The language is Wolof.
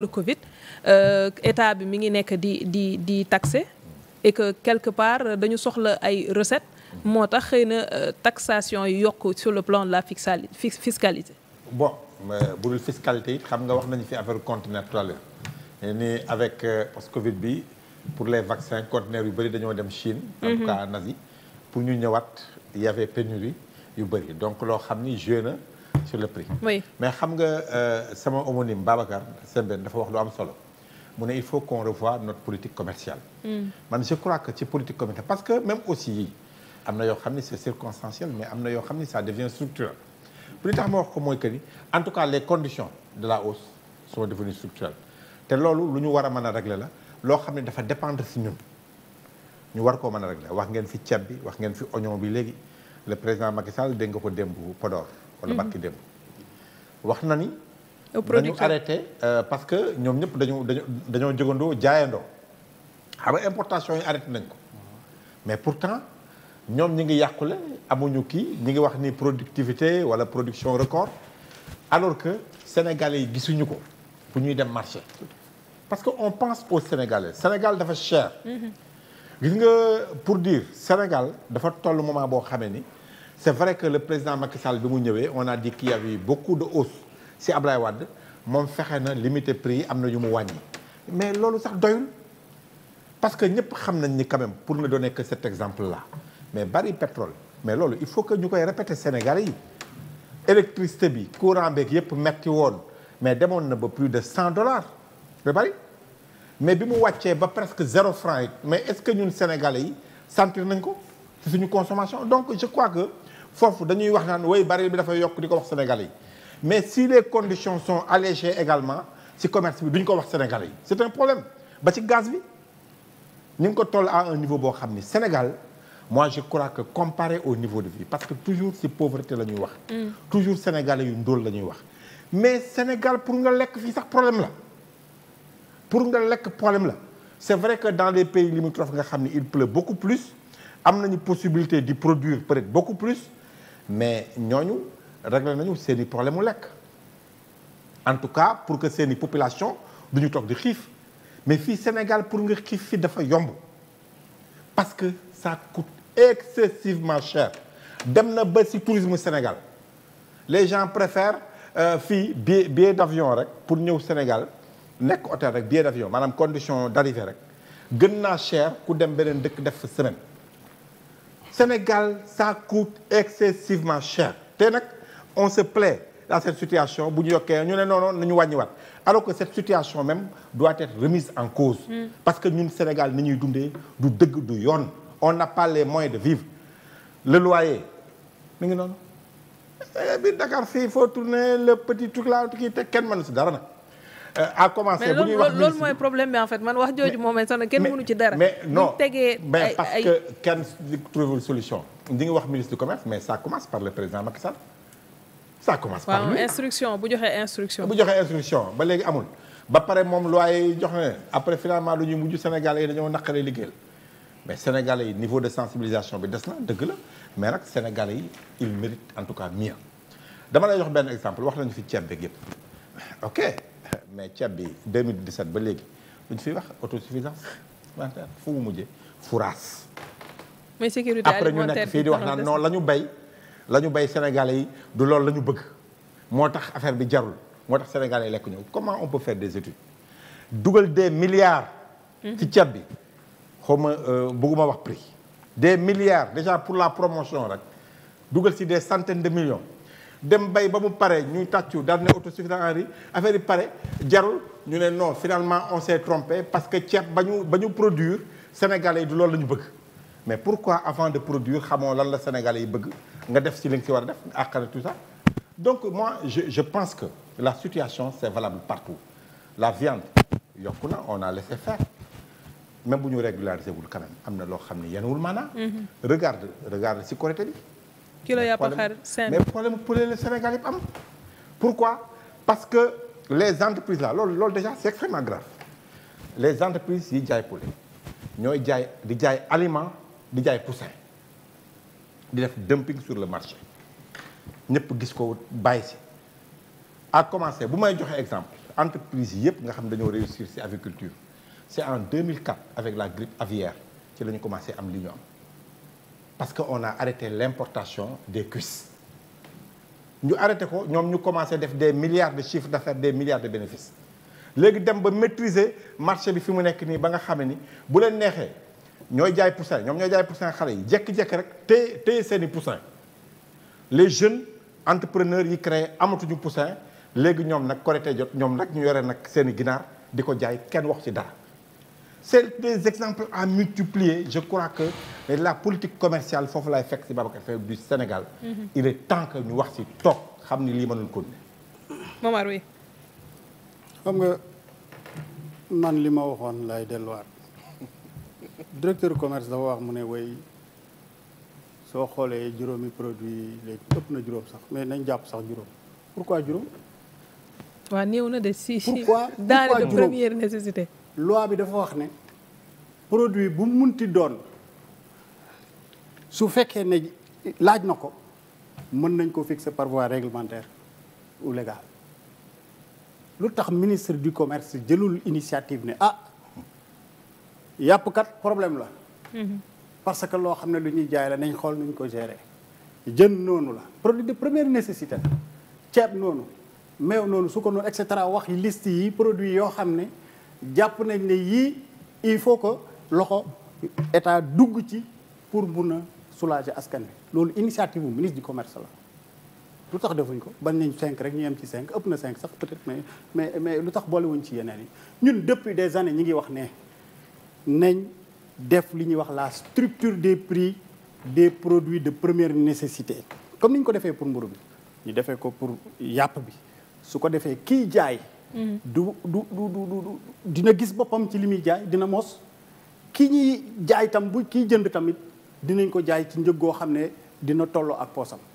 le Covid euh, état bi mi ngi nekk di di di taxé et que quelque part dañu soxla ay recettes moo tax xëy na euh, taxation yi yokk sur le plan de la fiscalité. bon bu dul fiscalité it xam nga wax nañu fi affaire conteneur tout ni avec euh, post Covid bi pour les vaccins conteneurs yu bëri dañoo dem Chine. en tout mhm. cas pour ñu ñëwaat y avait yu bëri donc loo xam ni joué sur le prix. mais xam nga euh, sama homonyme Babacar Sembène dafa wax lu am solo mu ne il faut qu'on revoie notre politique commerciale. Mm. man je crois que ci politique commerciale parce que même aussi am na yoo xam ni c'est circonstanciel mais am na yoo xam ni sa devient structurel lu tax ma wax ko mooy que ni en tout cas les conditions de la hausse sont devenues structurelles te loolu lu ñu war a mën a régler la loo xam ne dafa dépendre si ñun ñu war koo mën a régler wax ngeen fi ceeb bi wax ngeen fi oignon bi léegi le président Macky Sall dégg nga ko démb Podor. wala mhm. barki démb wax na ni. dañu arrêté euh, parce que ñoom ñëpp dañu dañu dañoo jógandoo jaayandoo xam importation yi arrêté nañ ko mais pourtant ñoom ñu ngi yàqule amuñu kii ñi ngi wax ni productivité wala production record alors que sénégalais yi gisuñu ko bu ñuy dem marché parce que on pense aux sénégalais Sénégal dafa cher. Mhm. gis nga pour dire Sénégal dafa toll moment boo xamee ni. c'est vrai que le président makisal Sall bi mu ñëwee on a dit qu'il y avait beaucoup de hausse si Ablaye Wade moom fexe na limiter prix yi am na yu mu wàññi mais loolu sax doyul parce que ñëpp xam nañ ni quand pour ne donner que cet exemple la mais bari pétrole mais loolu il faut que ñu koy répéter Sénégalais yi électricité bi courant beeg yëpp metti woon mais demoon na ba plus de cent dollars ba bari mais bi mu wàccee ba presque zéro franc it mais est-ce que ñun Sénégalais yi nañ ko suñu consommation donc je crois foofu dañuy wax naan way baril bi dafay yokk di ko wax Sénégalais yi mais si les conditions sont allégées également si commerce bi duñ ko wax Sénégalais yi c'est un problème ba ci gaz bi ñu ngi ko toll à un niveau boo xam ni Sénégal moi je crois que comparé au niveau de vie parce que toujours si pauvreté la ñuy wax mm. toujours Sénégalais yu ndóol la ñuy wax mais Sénégal pour nga lekk fii sax problème la pour nga lekk problème la c'est vrai que dans les pays limitrophes nga xam ni il pleut beaucoup plus am nañu possibilité di produire peut-être beaucoup plus mais ñooñu réglé nañu seeni problème mu lekk en tout cas pour que seen i population du ñu toog di xiif mais fii Sénégal pour nga xiif fi dafa yomb parce que ça coûte excessivement cher dem na ba si tourisme Sénégal les gens préfèrent euh, fii billet billet d'avion rek pour ñëw Sénégal nekk hôtel rek billet d'avion maanaam condition d'arrivée rek gën naa cher ku dem beneen dëkk def fa semaine Sénégal ça coûte excessivement cher te nag on se plaît à cette situation bu ñu yokkee ñu ne non non nañu wàññiwaat alors que cette situation même doit être remise en cause. Mm. parce que ñun Sénégal ni ñuy dundee du dëgg du yoon. on n'a pas les moyens de vivre le loyer mi ngi noonu eh, biir Dakar fii il faut tourner le petit truc là kii te kenn mënu si dara na Euh, à commencer bu ñuy wax mais loolu mooy problème bi en fait man wax jooju moom sonal kenn mënu ci dara. mais non mais parce que solution. di nga wax ministre du mais ça commence par le président Macky Sall. ça commence par lui instruction bu joxe instruction. bu joxe instruction ba léegi amul ba moom loyer jox na après finalement lu ñuy mujj Sénégalais yi dañoo naqaree liggéeyal mais Sénégalais yi niveau de sensibilisation bi des na dëgg la mais nag Sénégalais yi en tout cas mieux. dama lay jox benn exemple wax nañu fi ceeb beeg yëpp ok. mais ceeb bi 2017 ba léegi luñ fi wax autosuffisance alimentaire fu mu mujjee fouraas. mooy sécurité après ñu nekk fii di wax naan non la ñu bay la ñu bay Sénégalais yi du loolu la ñu bëgg moo tax affaire bi jarul moo tax Sénégalais yi lekk ñu comment on peut faire dugal des milliards. ci mm-hmm. ceeb bi xaw ma euh, bëgguma wax prix. des milliards déjà pour la promotion rek dugal si des centaines de millions. dem bay ba mu paree ñuy tàccu daal ne auto en riz affaire yi pare jarul ñu ne non finalement on s'est trompé parce que ceeb ba ñu ba ñu produire sénégalais yi du loolu la ñu bëgg mais pourquoi avant de produire xamoo lan la sénégalais yi bëgg nga def si li si war a def àqale tout sax donc moi je je pense que la situation c'est valable partout la viande yokku na on a laissé faire même bu ñu régulariser wul quand am na loo xam ne yenuwul maanaam. Mm-hmm. regarde regarde ci Korité bi. kilo yàpp xar mais problème poulet le Sénégal yëpp am pourquoi parce que les entreprises là loolu loolu déjà c'est extrêmement grave les entreprises yi jaay poulet ñooy jaay di jaay aliment di jaay poussin di def dumping sur le marché ñëpp gis ko bàyyi si à commencer bu may joxe exemple entreprise yëpp nga xam dañoo réussir ci aviculture c'est en 2004 avec la grippe avière ci la ñu commencé am li ñu am parce que on a arrêté l'importation des cuisses ñu arrêté ko ñoom ñu commencé def des milliards de chiffres d'affaires des milliards de bénéfices léegi dem ba maîtriser marché bi fi mu nekk nii ba nga xam ni bu leen neexee ñooy jaay poussin ñoom ñooy jaay poussin xale yi jékki-jékki rek téye téye seeni i poussin les jeunes entrepreneurs yi créé amatuñu poussin léegi ñoom nag Korité jot ñoom nag ñu yore nag seen i ginaar di ko jaay kenn waxu ci dara. c'est des exemples à multiplier je crois que la politique commerciale foofu lay fekk ci Babacar Faye du Sénégal mhm. il est temps que ñu wax si toog xam ni lii mënul ko Momar oui xam nga man li ma waxoon lay delluwaat directeur commerce dafa wax mu ne way soo xoolee juróomi produit léegi ëpp na juróom sax mais nañ jàpp sax juróom pourquoi juróom waaw néew na de si pourquoi daal de première nécessité loi bi dafa wax ne produit bu munti doon su fekkee ne laaj na ko mën nañ ko fixer par voie réglementaire ou légale lu tax ministre du commerce jëlul initiative ne ah yàpp kat problème la mhm. parce que loo xam ne lu ñuy jaay la nañ xool nuñ ko gérer jën noonu la produit de première nécessité ceeb noonu meew noonu su ko noonu et wax liste yi produit yoo xam ne jàpp nañ ne yii il faut que loxo état dugg ci pour mun a soulager askan bi loolu initiative bu ministre du commerce la lu tax defuñ ko bañ nañ cinq rek ñu yem ci cinq ëpp na cinq sax peut-être mais mais mais lu tax boolewuñ ci yeneen yi ñun depuis des années ñi ngi wax ne nañ def li ñuy wax la structure des prix des produits de première nécessité comme ni ñu ko defee pour mburu bi ñu defee ko pour yàpp bi su ko defee kiy jaay Mm. du du du du dina gis boppam ci li muy jaay dina mos. kii ñuy jaay tam bu kii jënd tamit dinañ ko jaay ci njëg goo xam ne dina tolloo ak poosam.